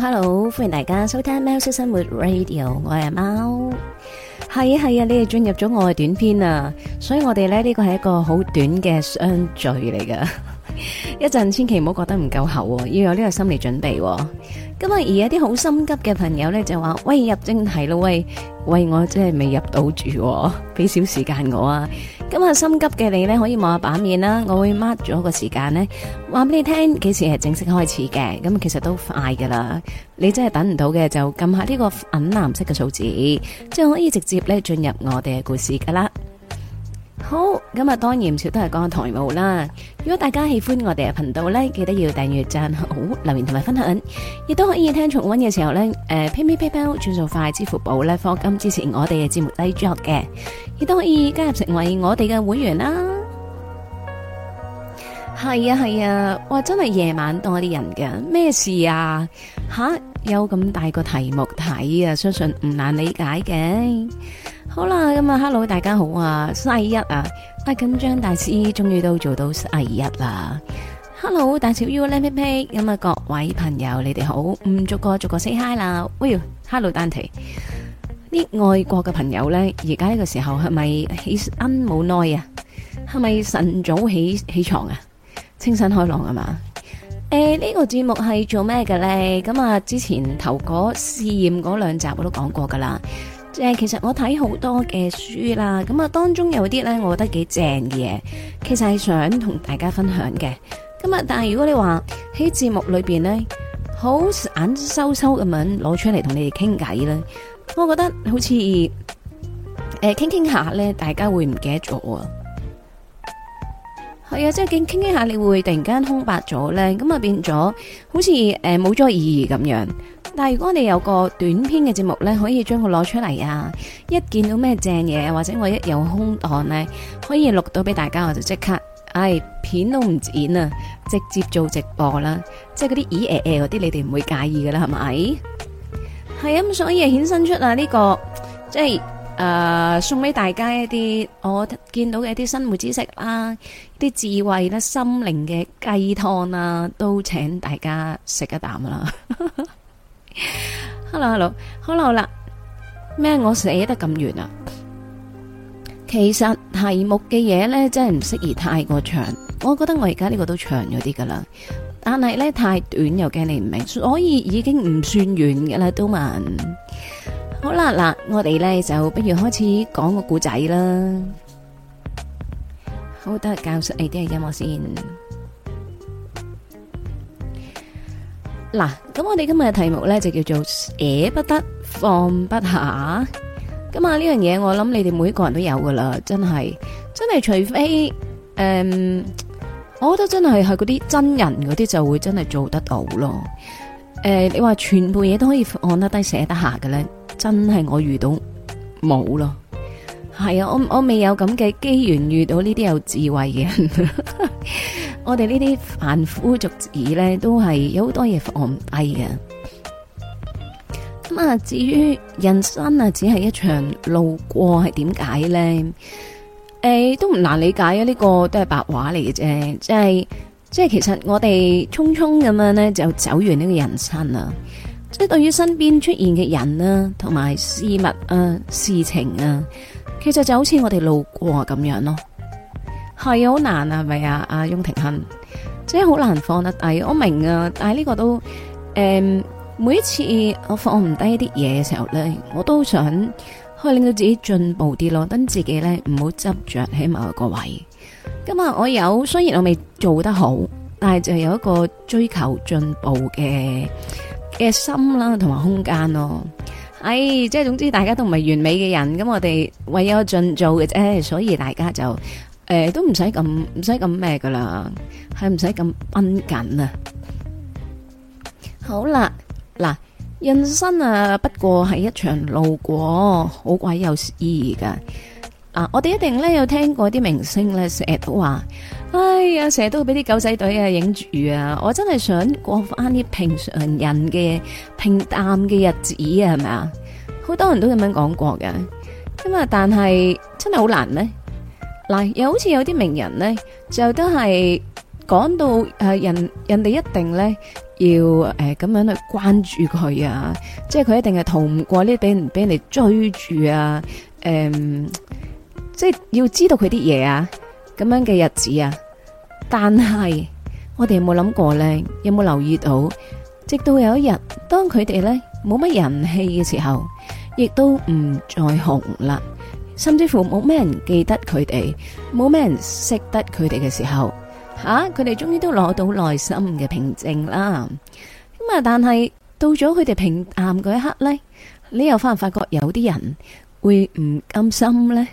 Hello，歡迎大家收聽《喵式生活 Radio》，我係貓，係啊係啊，你哋進入咗我嘅短片啊，所以我哋咧呢個係一個好短嘅相聚嚟噶， 一陣千祈唔好覺得唔夠喉，要有呢個心理準備。咁啊，而家啲好心急嘅朋友咧就話，喂，入正題咯，喂喂，我真係未入到住，俾少時間我啊。咁心急嘅你呢，可以望下版面啦，我會 mark 咗個時間呢，話俾你聽幾時係正式開始嘅，咁其實都快噶啦，你真係等唔到嘅就撳下呢個粉藍色嘅數字，即係可以直接呢進入我哋嘅故事噶啦。好，今日當然唔少都係講台務啦。如果大家喜歡我哋嘅頻道咧，記得要訂閱、讚好、留言同埋分享。亦都可以聽重溫嘅時候咧，誒、呃、PayMe、PayPal 轉數快，支付寶咧，放金支持我哋嘅節目低 job 嘅，亦都可以加入成為我哋嘅會員啦。係啊係啊，哇真係夜晚多啲人㗎。咩事啊吓有咁大個題目睇啊，相信唔難理解嘅。好啦，咁、嗯、啊，hello 大家好啊，星期一啊，啊緊張大師終於都做到星期一啦。hello，大少 U 靚皮皮咁、嗯、啊、嗯、各位朋友你哋好，唔、嗯、逐個逐個 say hi 啦。喂，hello 丹提，啲外國嘅朋友咧，而家呢個時候係咪起恩冇耐啊？係咪晨早起起床啊？清新開朗吖嘛？誒，呢個節目係做咩嘅咧？咁啊，之前頭嗰試驗嗰兩集我都講過噶啦。即係其實我睇好多嘅書啦，咁啊當中有啲咧，我覺得幾正嘅嘢，其實係想同大家分享嘅。咁啊，但係如果你話喺節目裏邊咧，好眼羞羞咁樣攞出嚟同你哋傾偈咧，我覺得好似誒，傾傾下咧，大家會唔記得咗啊？係啊，即係傾傾一下，你會突然間空白咗咧，咁啊變咗好似誒冇咗意義咁樣。但係如果你有個短篇嘅節目咧，可以將佢攞出嚟啊！一見到咩正嘢，或者我一有空檔咧，可以錄到俾大家，我就即刻，哎片都唔剪啊，直接做直播啦！即係嗰啲咦誒誒嗰啲，你哋唔會介意噶啦，係咪？係啊，咁所以啊，衍生出啊呢個即係。誒，uh, 送俾大家一啲我見到嘅一啲生活知識啦、啊，啲智慧啦、啊，心靈嘅雞湯啦，都請大家食一啖啦。Hello，hello，hello 啦 hello.，咩？麼我寫得咁完啊？其實題目嘅嘢，呢真係唔適宜太過長。我覺得我而家呢個都長咗啲噶啦，但係呢太短又驚你唔明白，所以已經唔算遠噶啦，都蠻。好啦，嗱，我哋咧就不如開始講個故仔啦。好，得教室，你啲嘅音樂先。嗱，咁我哋今日嘅題目咧就叫做捨不得，放不下。咁啊，呢樣嘢我諗你哋每個人都有噶啦，真係真係，除非誒、嗯，我覺得真係係嗰啲真人嗰啲就會真係做得到咯。誒、嗯，你話全部嘢都可以放得低、捨得下嘅咧？真係我遇到冇咯，係啊，我我未有咁嘅機緣遇到呢啲有智慧嘅人， 我哋呢啲凡夫俗子咧，都係有好多嘢，放唔低嘅。咁啊，至於人生啊，只係一場路過，係點解咧？誒、哎，都唔難理解啊，呢、這個都係白話嚟嘅啫，即係即係，就是、其實我哋匆匆咁樣咧，就走完呢個人生啊。即係對於身邊出現嘅人啊，同埋事物啊、事情啊，其實就好似我哋路過咁樣咯。係好難啊，係咪啊？阿翁庭亨，即係好難放得低。我明啊，但係呢個都誒、嗯，每一次我放唔低啲嘢嘅時候咧，我都想去令到自己進步啲咯。等自己咧唔好執着喺某個位。咁啊，我有雖然我未做得好，但係就有一個追求進步嘅。嘅心啦，同埋空間咯，唉、哎，即係總之大家都唔係完美嘅人，咁我哋唯有盡做嘅啫，所以大家就誒、欸、都唔使咁唔使咁咩噶啦，係唔使咁繃緊啊！好啦，嗱，人生啊不過係一場路過，好鬼有意義噶。啊！我哋一定咧有聽過啲明星咧，成日都話，哎呀，成日都俾啲狗仔隊啊影住啊！我真係想過翻啲平常人嘅平淡嘅日子啊，係咪啊？好多人都咁樣講過㗎，咁啊，但係真係好難咩。嗱、啊，又好似有啲名人咧，就都係講到誒、啊，人人哋一定咧要誒咁、呃、樣去關注佢啊，即係佢一定係逃唔過呢，俾人俾人哋追住啊，誒、嗯。即係要知道佢啲嘢啊，咁樣嘅日子啊。但係我哋有冇諗過咧？有冇留意到？直到有一日，當佢哋咧冇乜人氣嘅時候，亦都唔再紅啦。甚至乎冇咩人記得佢哋，冇咩人識得佢哋嘅時候，吓佢哋終於都攞到內心嘅平靜啦。咁啊，但係到咗佢哋平淡嗰一刻咧，你又發唔發覺有啲人會唔甘心咧。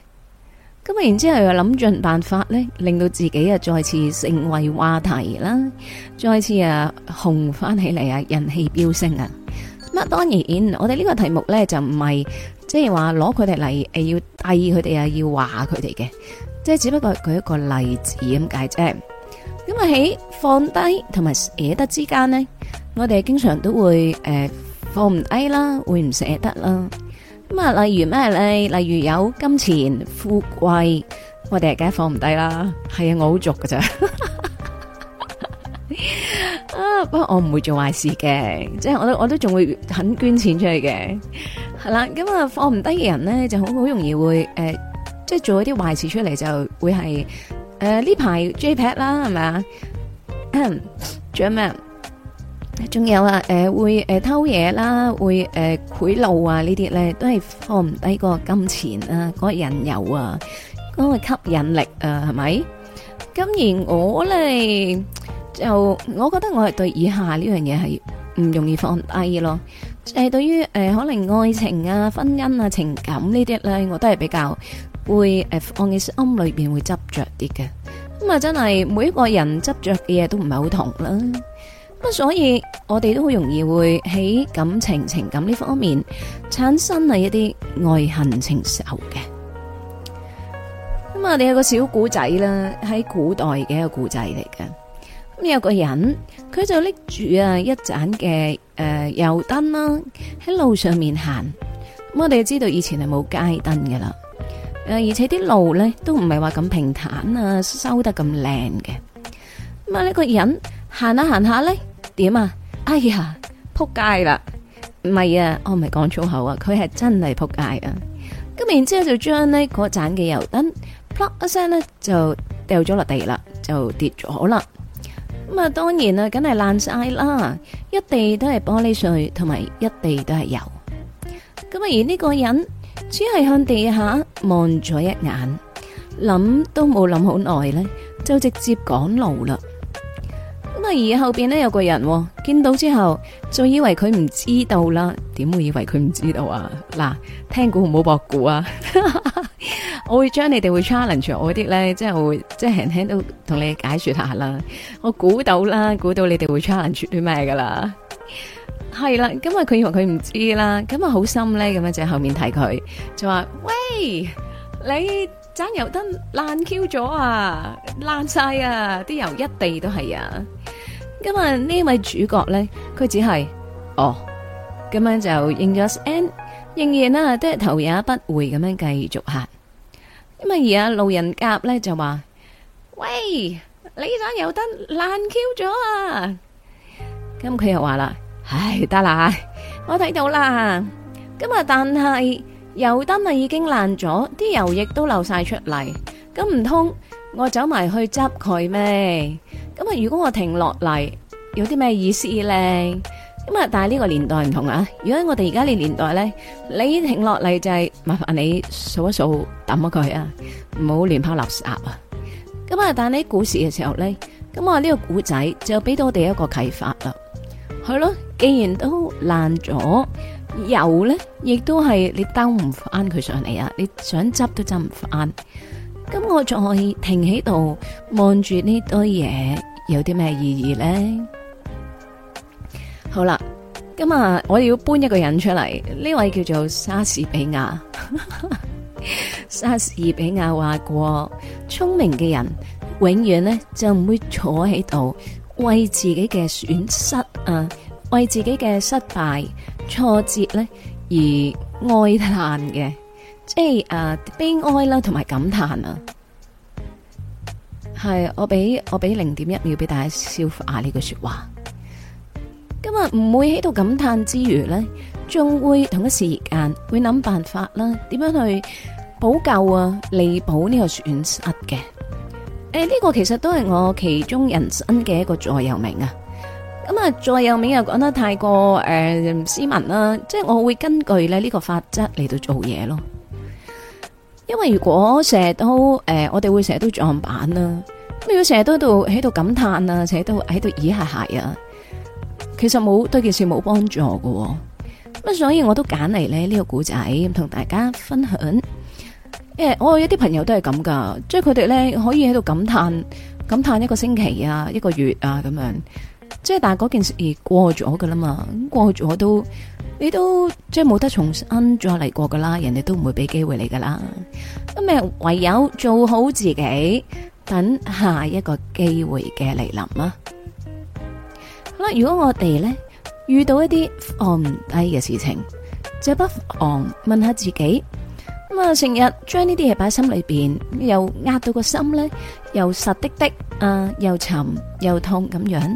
咁啊，然之後又諗盡辦法咧，令到自己啊再次成為話題啦，再次啊紅翻起嚟啊，人氣飆升啊！咁啊，當然我哋呢個題目咧就唔係即係話攞佢哋嚟誒要替佢哋啊要話佢哋嘅，即係只不過舉一個例子咁解啫。咁啊喺放低同埋捨得之間咧，我哋經常都會誒放唔低啦，會唔捨得啦。咁啊、嗯，例如咩咧？例如有金錢富貴，我哋梗係放唔低啦。係啊，我好俗噶咋？啊，不過我唔會做壞事嘅，即係我,我都我都仲會肯捐錢出嚟嘅。係啦，咁、嗯、啊放唔低嘅人咧，就好好容易會誒、呃，即係做一啲壞事出嚟，就會係誒呢排 J pad 啦，係咪啊？仲有咩？仲有啊，誒會誒偷嘢啦，會誒賄賂啊呢啲咧，都係放唔低個金錢啊，嗰個人油啊，嗰個吸引力啊，係咪？咁而我咧就，我覺得我係對以下呢樣嘢係唔容易放低咯。誒，對於誒可能愛情啊、婚姻啊、情感呢啲咧，我都係比較會誒放喺心裏邊會執着啲嘅。咁啊，真係每一個人執着嘅嘢都唔係好同啦。所以我哋都好容易會喺感情、情感呢方面產生係一啲愛恨情仇嘅。咁啊，我哋有個小古仔啦，喺古代嘅一個古仔嚟嘅。咁有個人，佢就拎住啊一盞嘅誒油燈啦，喺路上面行。咁我哋知道以前係冇街燈噶啦，誒而且啲路咧都唔係話咁平坦收啊，修得咁靚嘅。咁啊呢個人行下行下咧。點啊！哎呀，仆街啦！唔係啊，我唔係講粗口啊，佢係真係仆街啊！咁然之後就將呢個盞嘅油燈，啪一聲呢，就掉咗落地啦，就跌咗啦。咁啊，當然啊，梗係爛晒啦，一地都係玻璃碎，同埋一地都係油。咁啊，而呢個人只係向地下望咗一眼，諗都冇諗好耐呢，就直接趕路啦。而後邊咧有個人，哦，見到之後，仲以為佢唔知道啦。點會以為佢唔知道啊？嗱，聽古唔好駁古啊！ 我會將你哋會 challenge 我啲咧，即係會即係輕輕都同你解說下啦。我估到啦，估到你哋會 challenge 啲咩噶啦？係啦，咁啊佢以為佢唔知啦，咁啊好心咧，咁樣就後面睇佢就話，喂，你盞油燈爛 Q 咗啊！爛晒啊！啲油一地都係啊！今日呢位主角咧，佢只係哦，咁樣就應咗聲，仍然啦，都係頭也不回咁樣繼續行。咁啊而家路人甲咧就話，喂，你盞油燈爛 Q 咗啊！咁佢又話啦，唉，得啦吓，我睇到啦。今日但係。油燈啊已經爛咗，啲油液都漏晒出嚟，咁唔通我走埋去執佢咩？咁啊如果我停落嚟，有啲咩意思咧？咁啊但係呢個年代唔同啊，如果我哋而家呢年代咧，你停落嚟就係麻煩你掃，一掃，抌咗佢啊，唔好亂拋垃圾啊！咁啊但係呢股市嘅時候咧，咁、這個、我呢個古仔就俾到我哋一個啟發啦，係咯，既然都爛咗。油咧，亦都係你兜唔翻佢上嚟啊！你想執都執唔翻。咁我仲可以停喺度望住呢堆嘢，有啲咩意義咧？好啦，咁啊，我要搬一個人出嚟，呢位叫做莎士比亞。莎 士比亞話過：聰明嘅人永遠呢，就唔會坐喺度為自己嘅損失啊，為自己嘅失，失敗。挫折咧而哀嘆嘅，即係誒悲哀啦，同埋感嘆啊，係我俾我俾零點一秒俾大家消化呢句說話。今日唔會喺度感嘆之餘咧，仲會同一時間會諗辦法啦，點樣去補救啊，彌補呢個損失嘅。誒，呢個其實都係我其中人生嘅一個座右銘啊。咁啊，再有名又講得太過誒、呃，斯文啦，即係我會根據咧呢個法則嚟到做嘢咯。因為如果成日都誒、呃，我哋會成日都撞板啦，咁如果成日都喺度喺度感嘆啊，成日都喺度，咦下鞋啊，其實冇對件事冇幫助噶。咁所以我都揀嚟咧呢個古仔同大家分享。誒、呃，我有啲朋友都係咁噶，即係佢哋咧可以喺度感嘆感嘆一個星期啊，一個月啊咁樣。即係但係嗰件事過咗噶啦嘛，咁過咗都你都即係冇得重新再嚟過噶啦，人哋都唔會俾機會你噶啦，咁咪唯有做好自己，等下一個機會嘅嚟臨啦。好啦，如果我哋咧遇到一啲放唔低嘅事情，就不妨問下自己，咁啊成日將呢啲嘢擺喺心裏邊，又壓到個心咧，又實滴滴，啊，又沉又痛咁樣。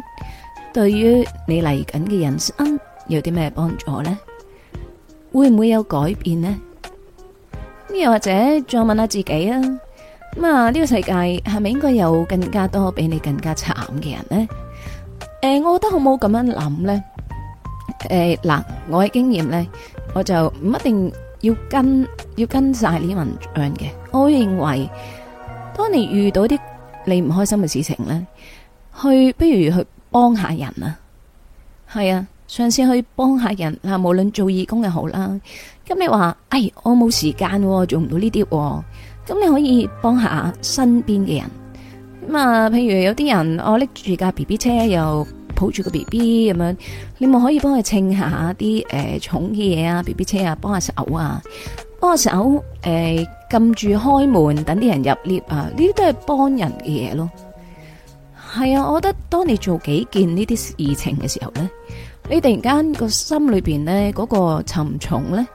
對於你嚟緊嘅人生有啲咩幫助咧？會唔會有改變呢？又或者再問下自己啊？咁啊，呢個世界係咪應該有更加多比你更加慘嘅人呢？誒，我覺得好冇咁樣諗咧。誒，嗱，我嘅經驗咧，我就唔一定要跟要跟晒呢文章嘅。我認為，當你遇到啲你唔開心嘅事情咧，去不如去，幫下人啊，係啊，上次去幫下人啊，無論做義工又好啦。咁你話，哎，我冇時間、啊、做唔到呢啲、啊，咁你可以幫下身邊嘅人。咁啊，譬如有啲人我拎住架 B B 車，又抱住個 B B 咁樣，你咪可以幫佢稱下啲誒、呃、重嘅嘢啊，B B 車啊，幫下手啊，幫下手，誒，撳、呃、住開門等啲人入 lift 啊，呢啲都係幫人嘅嘢咯。係啊，我覺得當你做幾件呢啲事情嘅時候咧，你突然間個心裏面咧，嗰個沉重咧，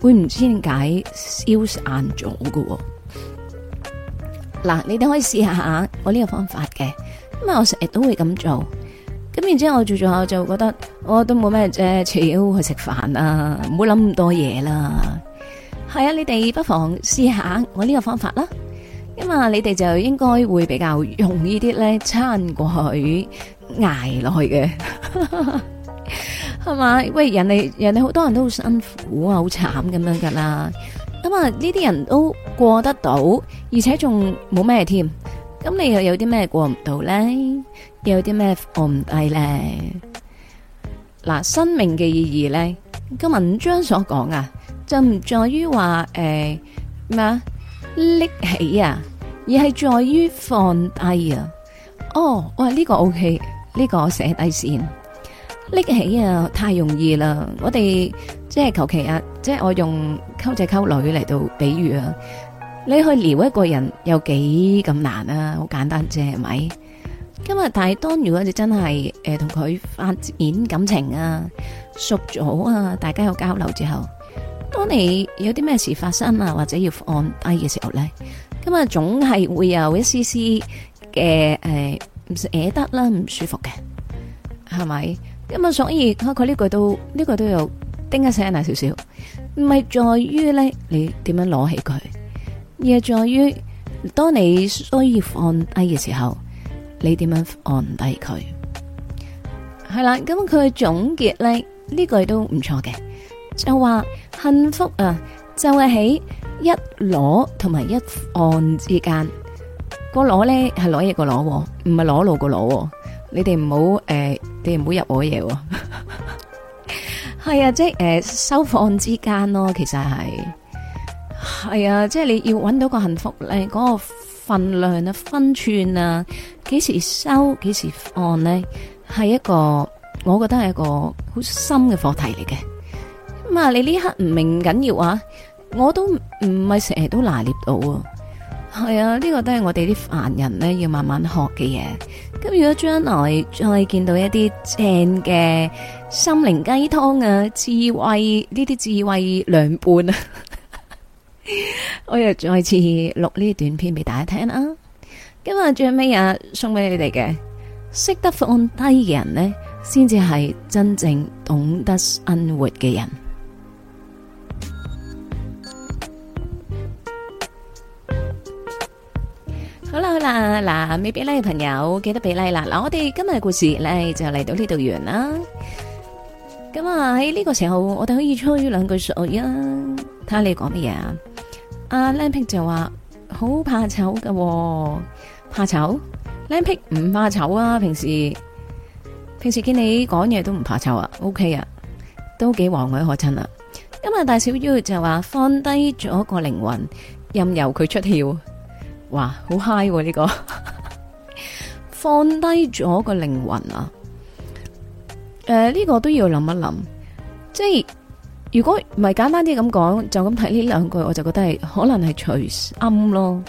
會唔知點解消散咗㗎。嗱，你哋可以試下下我呢個方法嘅，咁啊，我成日都會咁做，咁然之後我做做下就覺得我都冇咩啫，除咗去食飯啊，唔好諗咁多嘢啦。係啊，你哋不妨試下下我呢個方法啦。咁啊，你哋就應該會比較容易啲咧，撐過去挨落去嘅，係咪？喂，人哋人哋好多人都好辛苦啊，好慘咁樣噶啦。咁啊，呢啲人都過得到，而且仲冇咩嘢添。咁你又有啲咩過唔到咧？又有啲咩放唔低咧？嗱，生命嘅意義咧，個文章所講啊，就唔在於話誒咩啊，拎起啊～而係在於放低啊！哦，哇呢、呢個 O K，呢個寫低先拎起啊，太容易啦！我哋即係求其啊，即係我用溝仔溝女嚟到比喻啊。你去撩一個人有幾咁難啊？好簡單啫，係咪？今日但係當如果你真係誒同佢發展感情啊，熟咗啊，大家有交流之後，當你有啲咩事發生啊，或者要放低嘅時候咧？咁啊，總係會有一絲絲嘅誒唔捨得啦，唔、呃、舒服嘅係咪？咁啊、嗯，所以佢呢句都呢句都有叮一聲啊少少，唔係在於咧你點樣攞起佢，而係在於當你需要放低嘅時候，你點樣放低佢？係啦，咁、嗯、佢總結咧呢句都唔錯嘅，就話幸福啊！就係喺一攞同埋一按之間，個攞咧係攞嘢個攞，唔係攞路個攞。哦。你哋唔好誒，你哋唔好入我嘢。哦。係 啊，即係誒收放之間咯，其實係係啊，即、就、係、是、你要揾到個幸福咧，嗰、嗰個分量啊、分寸啊，幾時收、幾時放咧，係一個我覺得係一個好深嘅課題嚟嘅。咁啊！你呢刻唔明緊要啊？我都唔係成日都拿捏到啊。係啊，呢個都係我哋啲凡人咧要慢慢學嘅嘢。咁如果將來再見到一啲正嘅心靈雞湯啊、智慧呢啲智慧良伴啊， 我又再次錄呢段片俾大家聽啦、啊。今日最尾啊送俾你哋嘅，識得放低嘅人呢，先至係真正懂得生活嘅人。好啦好啦，嗱，未俾 like 嘅朋友記得俾 like 啦。嗱，我哋今日嘅故事咧就嚟到呢度完啦。咁啊喺呢個時候，我哋可以吹兩句水啊。睇下你講乜嘢啊？阿 Lampik 就話好怕醜㗎，怕醜？Lampik 唔怕醜啊，平時平時見你講嘢都唔怕醜啊。OK 啊，都幾和藹可親啊。今日大小 U 就話放低咗個靈魂，任由佢出竅。哇，好 high 呢個！ 放低咗個靈魂啊！誒、呃、呢、這個都要諗一諗。即係如果唔係簡單啲咁講，就咁睇呢兩句，我就覺得係可能係隨暗咯。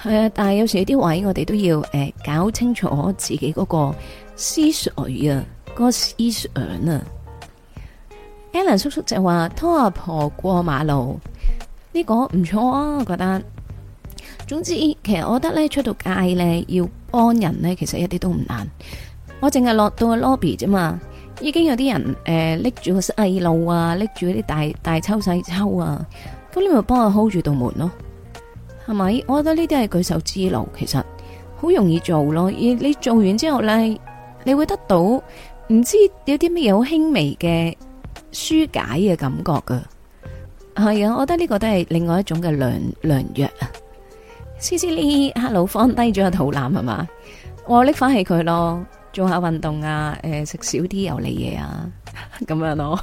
係、嗯、啊，但係有時有啲位我哋都要誒、呃、搞清楚自己嗰個思緒啊，個思想啊。Alan 叔叔就話拖阿婆過馬路，呢、這個唔錯啊，我覺得。總之，其實我覺得咧，出到街咧要幫人咧，其實一啲都唔難。我淨係落到個 lobby 啫嘛，已經有啲人誒拎住個細路啊，拎住嗰啲大大抽細抽啊，咁你咪幫佢 hold 住道門咯，係咪？我覺得呢啲係舉手之勞，其實好容易做咯。而你做完之後咧，你會得到唔知有啲咩嘢好輕微嘅舒解嘅感覺噶，係啊。我覺得呢個都係另外一種嘅良良藥啊。C C L hello 放低咗個肚腩係嘛？我拎翻起佢咯，做下運動啊，誒食少啲油膩嘢啊，咁樣咯、啊。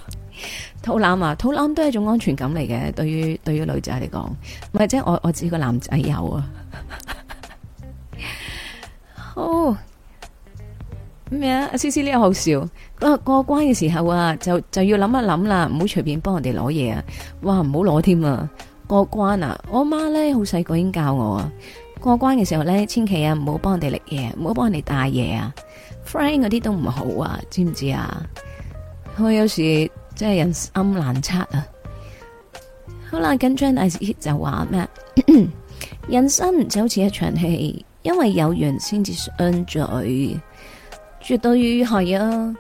肚腩啊，肚腩都係一種安全感嚟嘅，對於對於女仔嚟講，唔係即係我我知個男仔有啊。 好咩啊？C C L 好笑，過過關嘅時候啊，就就要諗一諗啦，唔好隨便幫人哋攞嘢啊，哇唔好攞添啊！過關啊！我阿媽咧好細個已經教我啊，過關嘅時候咧，千祈啊唔好幫人哋拎嘢，唔好幫人哋帶嘢啊，friend 嗰啲都唔好啊，知唔知啊？我有時即係人心難測啊！好啦，緊張大就話咩 人生就好似一場戲，因為有緣先至相聚，絕對係啊！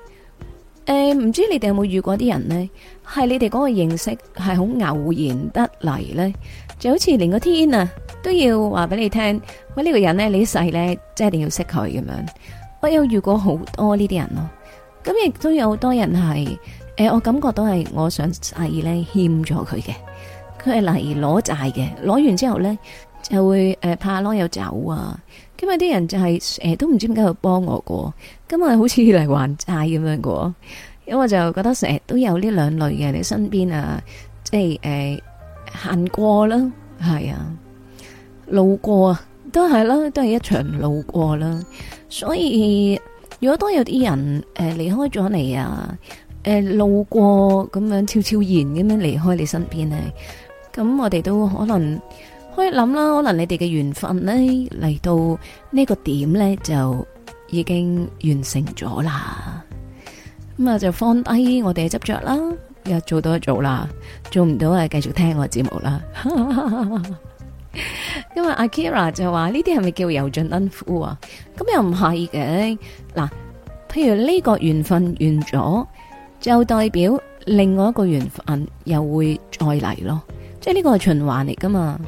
誒、欸，唔知你哋有冇遇過啲人咧？係你哋嗰個認識係好偶然得嚟咧，就好似連個天啊都要話俾你聽，喂呢個人咧你一世咧即係一定要識佢咁樣，我有遇過好多呢啲人咯，咁亦都有好多人係誒，我感覺到係我想阿二咧欠咗佢嘅，佢係嚟攞債嘅，攞完之後咧就會誒怕攞有走啊，咁有啲人就係誒都唔知點解去幫我個，咁係好似嚟還債咁樣個。因為就覺得成日都有呢兩類嘅，你身邊啊，即係誒行過啦，係啊，路過啊，都係啦，都係一場路過啦。所以如果當有啲人誒、呃、離開咗你啊，誒、呃、路過咁樣悄悄然咁樣離開你身邊咧，咁我哋都可能開諗啦，可能你哋嘅緣分咧嚟到呢個點咧就已經完成咗啦。咁啊，就放低我哋嘅執着啦，又做到一做啦，做唔到啊，繼續聽我嘅節目啦。因 為阿 Kira 就話呢啲係咪叫油盡燈枯啊？咁又唔係嘅。嗱，譬如呢個緣分完咗，就代表另外一個緣分又會再嚟咯。即係呢個係循環嚟噶嘛。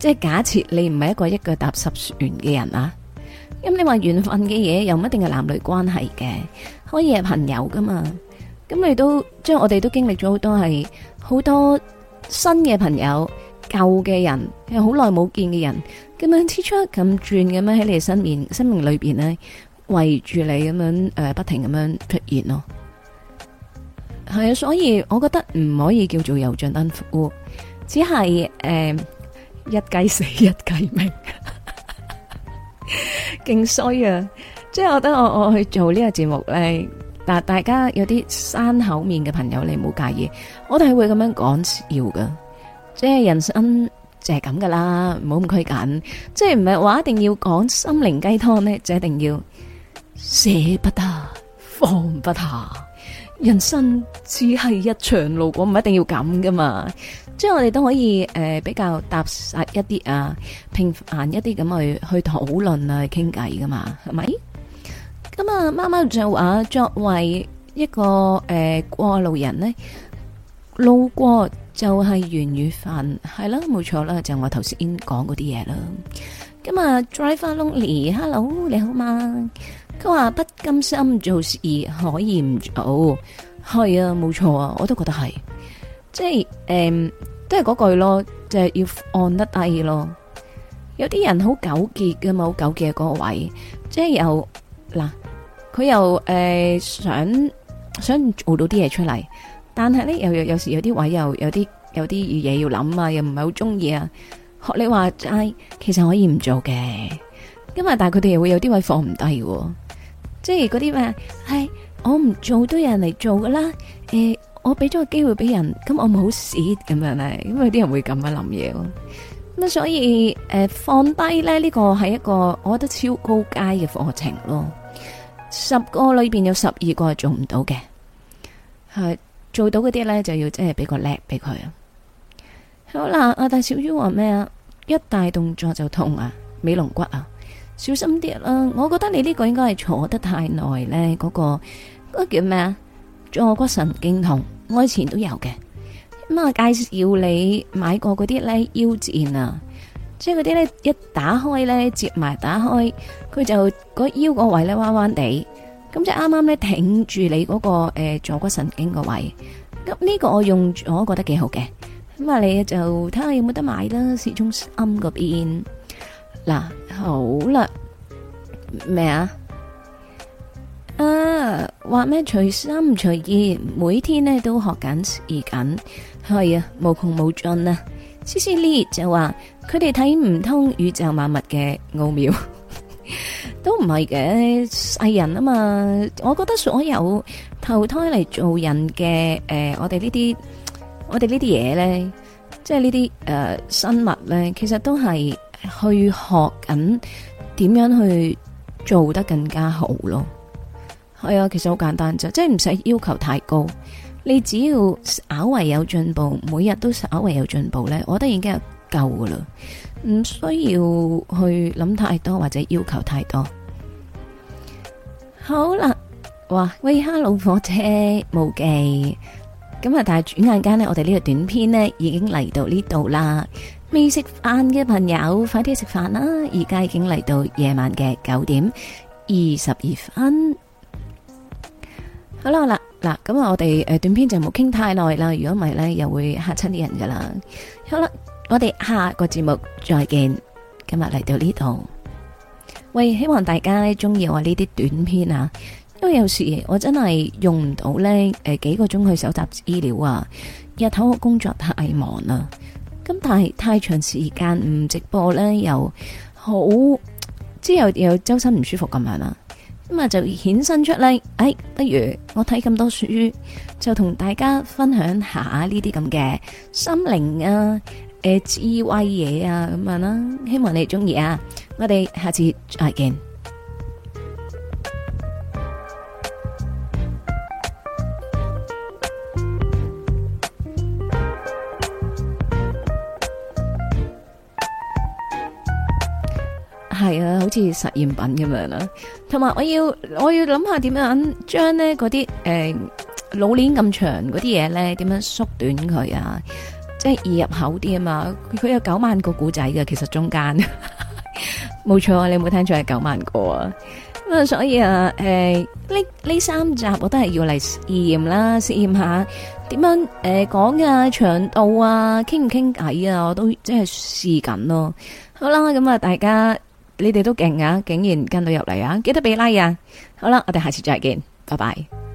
即係假設你唔係一個一腳踏十船嘅人啊。咁你話緣分嘅嘢，又唔一定係男女關係嘅。可以係朋友噶嘛？咁你都即係我哋都經歷咗好多係好多新嘅朋友、舊嘅人、好耐冇見嘅人咁樣接觸、咁轉咁樣喺你嘅身面、生命裏邊咧圍住你咁樣誒、呃，不停咁樣出現咯。係啊，所以我覺得唔可以叫做油盡燈枯，只係誒、呃、一雞死一雞命，勁 衰啊！即係我覺得我我去做這個節呢個節目咧，但大家有啲生口面嘅朋友，你唔好介意，我哋會咁樣講笑噶即係人生就係咁噶啦，唔好咁拘謹。即係唔係話一定要講心靈雞湯咧，就一定要捨不得放不下。人生只係一場路過，我唔一定要咁噶嘛即係我哋都可以誒、呃、比較踏實一啲啊，平凡一啲咁去去討論啊，傾偈噶嘛，係咪？咁啊，媽媽就話作為一個誒過、呃、路人呢，路過就係緣與份，係啦，冇錯啦，就係、是、我頭先講嗰啲嘢啦。咁、嗯、啊，Drive Alone，Hello，你好嗎？佢話不甘心做事可以唔做，係啊，冇錯啊，我都覺得係，即係誒、嗯，都係嗰句咯，就係、是、要按得低咯。有啲人好糾結㗎嘛，好糾結嗰個位，即係由。佢又、呃、想想做到啲嘢出嚟，但係咧有有有時有啲位又有啲有啲嘢要諗啊，又唔係好中意啊。學你話齋，其實可以唔做嘅，因為但係佢哋會有啲位放唔低喎，即係嗰啲咩係我唔做都有人嚟做噶啦、呃。我俾咗個機會俾人，咁我唔好蝕咁樣咧，因為啲人會咁樣諗嘢。咁所以、呃、放低咧呢、這個係一個我覺得超高階嘅課程咯。十個裏邊有十二個係做唔到嘅。係做到嗰啲咧就要即係俾個叻俾佢。好啦，阿、啊、大小 U 話咩啊？一大動作就痛啊，尾龍骨啊，小心啲啦，啊。我覺得你呢個應該係坐得太耐咧，嗰，個嗰，個叫咩啊？坐骨神經痛，我以前都有嘅。咁啊，介紹你買過嗰啲咧腰墊啊。即係嗰啲咧，一打開咧，接埋打開，佢就嗰腰個位咧彎彎地，咁即係啱啱咧挺住你嗰個誒坐骨神經個位，咁呢個我用咗，我都覺得幾好嘅，咁啊你就睇下有冇得買啦，市中心嗰邊。嗱，好啦，咩啊？啊，話咩隨心隨意，每天咧都學緊而緊，係啊，無窮無盡啊！C C L 就話佢哋睇唔通宇宙萬物嘅奧妙。 都唔係嘅，世人啊嘛。我覺得所有投胎嚟做人嘅，誒、呃，我哋呢啲我哋呢啲嘢咧，即係呢啲誒生物咧，其實都係去學緊點樣去做得更加好咯。係、哎、啊，其實好簡單就，即係唔使要求太高。你只要稍為有進步，每日都稍為有進步咧，我覺得已經係夠噶啦，唔需要去諗太多或者要求太多。好啦，哇，喂，哈囉火車冇忌，咁，但係轉眼間呢，我哋呢個短片呢已經嚟到呢度啦。未食飯嘅朋友，快啲食飯啦！而家已經嚟到夜晚嘅九點二十二分，好啦好啦。嗱，咁啊，我哋誒短片就冇傾太耐啦，如果唔係咧，又會吓親啲人噶啦。好啦，我哋下個節目再見，今日嚟到呢度。喂，希望大家咧中意我呢啲短片啊，因為有時我真係用唔到咧，誒幾個鐘去搜集資料啊，日頭我工作太忙啦。咁但係太長時間唔直播咧，又好，即係又又周身唔舒服咁樣啦。咁啊，今日就顯身出嚟。哎，不如我睇咁多書，就同大家分享下呢啲咁嘅心靈啊、誒、欸、智慧嘢啊咁啊啦。希望你哋中意啊！我哋下次再見。係啊，好似實驗品咁樣啦。同埋，我要我要諗下點樣將咧嗰啲誒老年咁長嗰啲嘢咧，點樣縮短佢啊？即係易入口啲啊嘛。佢有九萬個古仔嘅，其實中間冇錯啊！你有冇聽錯係九萬個啊？咁啊，所以啊，誒呢呢三集我都係要嚟試驗啦，試驗下點樣誒講、欸、啊，長度啊，傾唔傾偈啊，我都即係試緊咯。好啦，咁啊，大家。你哋都勁啊！竟然跟到入嚟啊！記得俾 LIKE 呀！好啦，我哋下次再見，拜拜。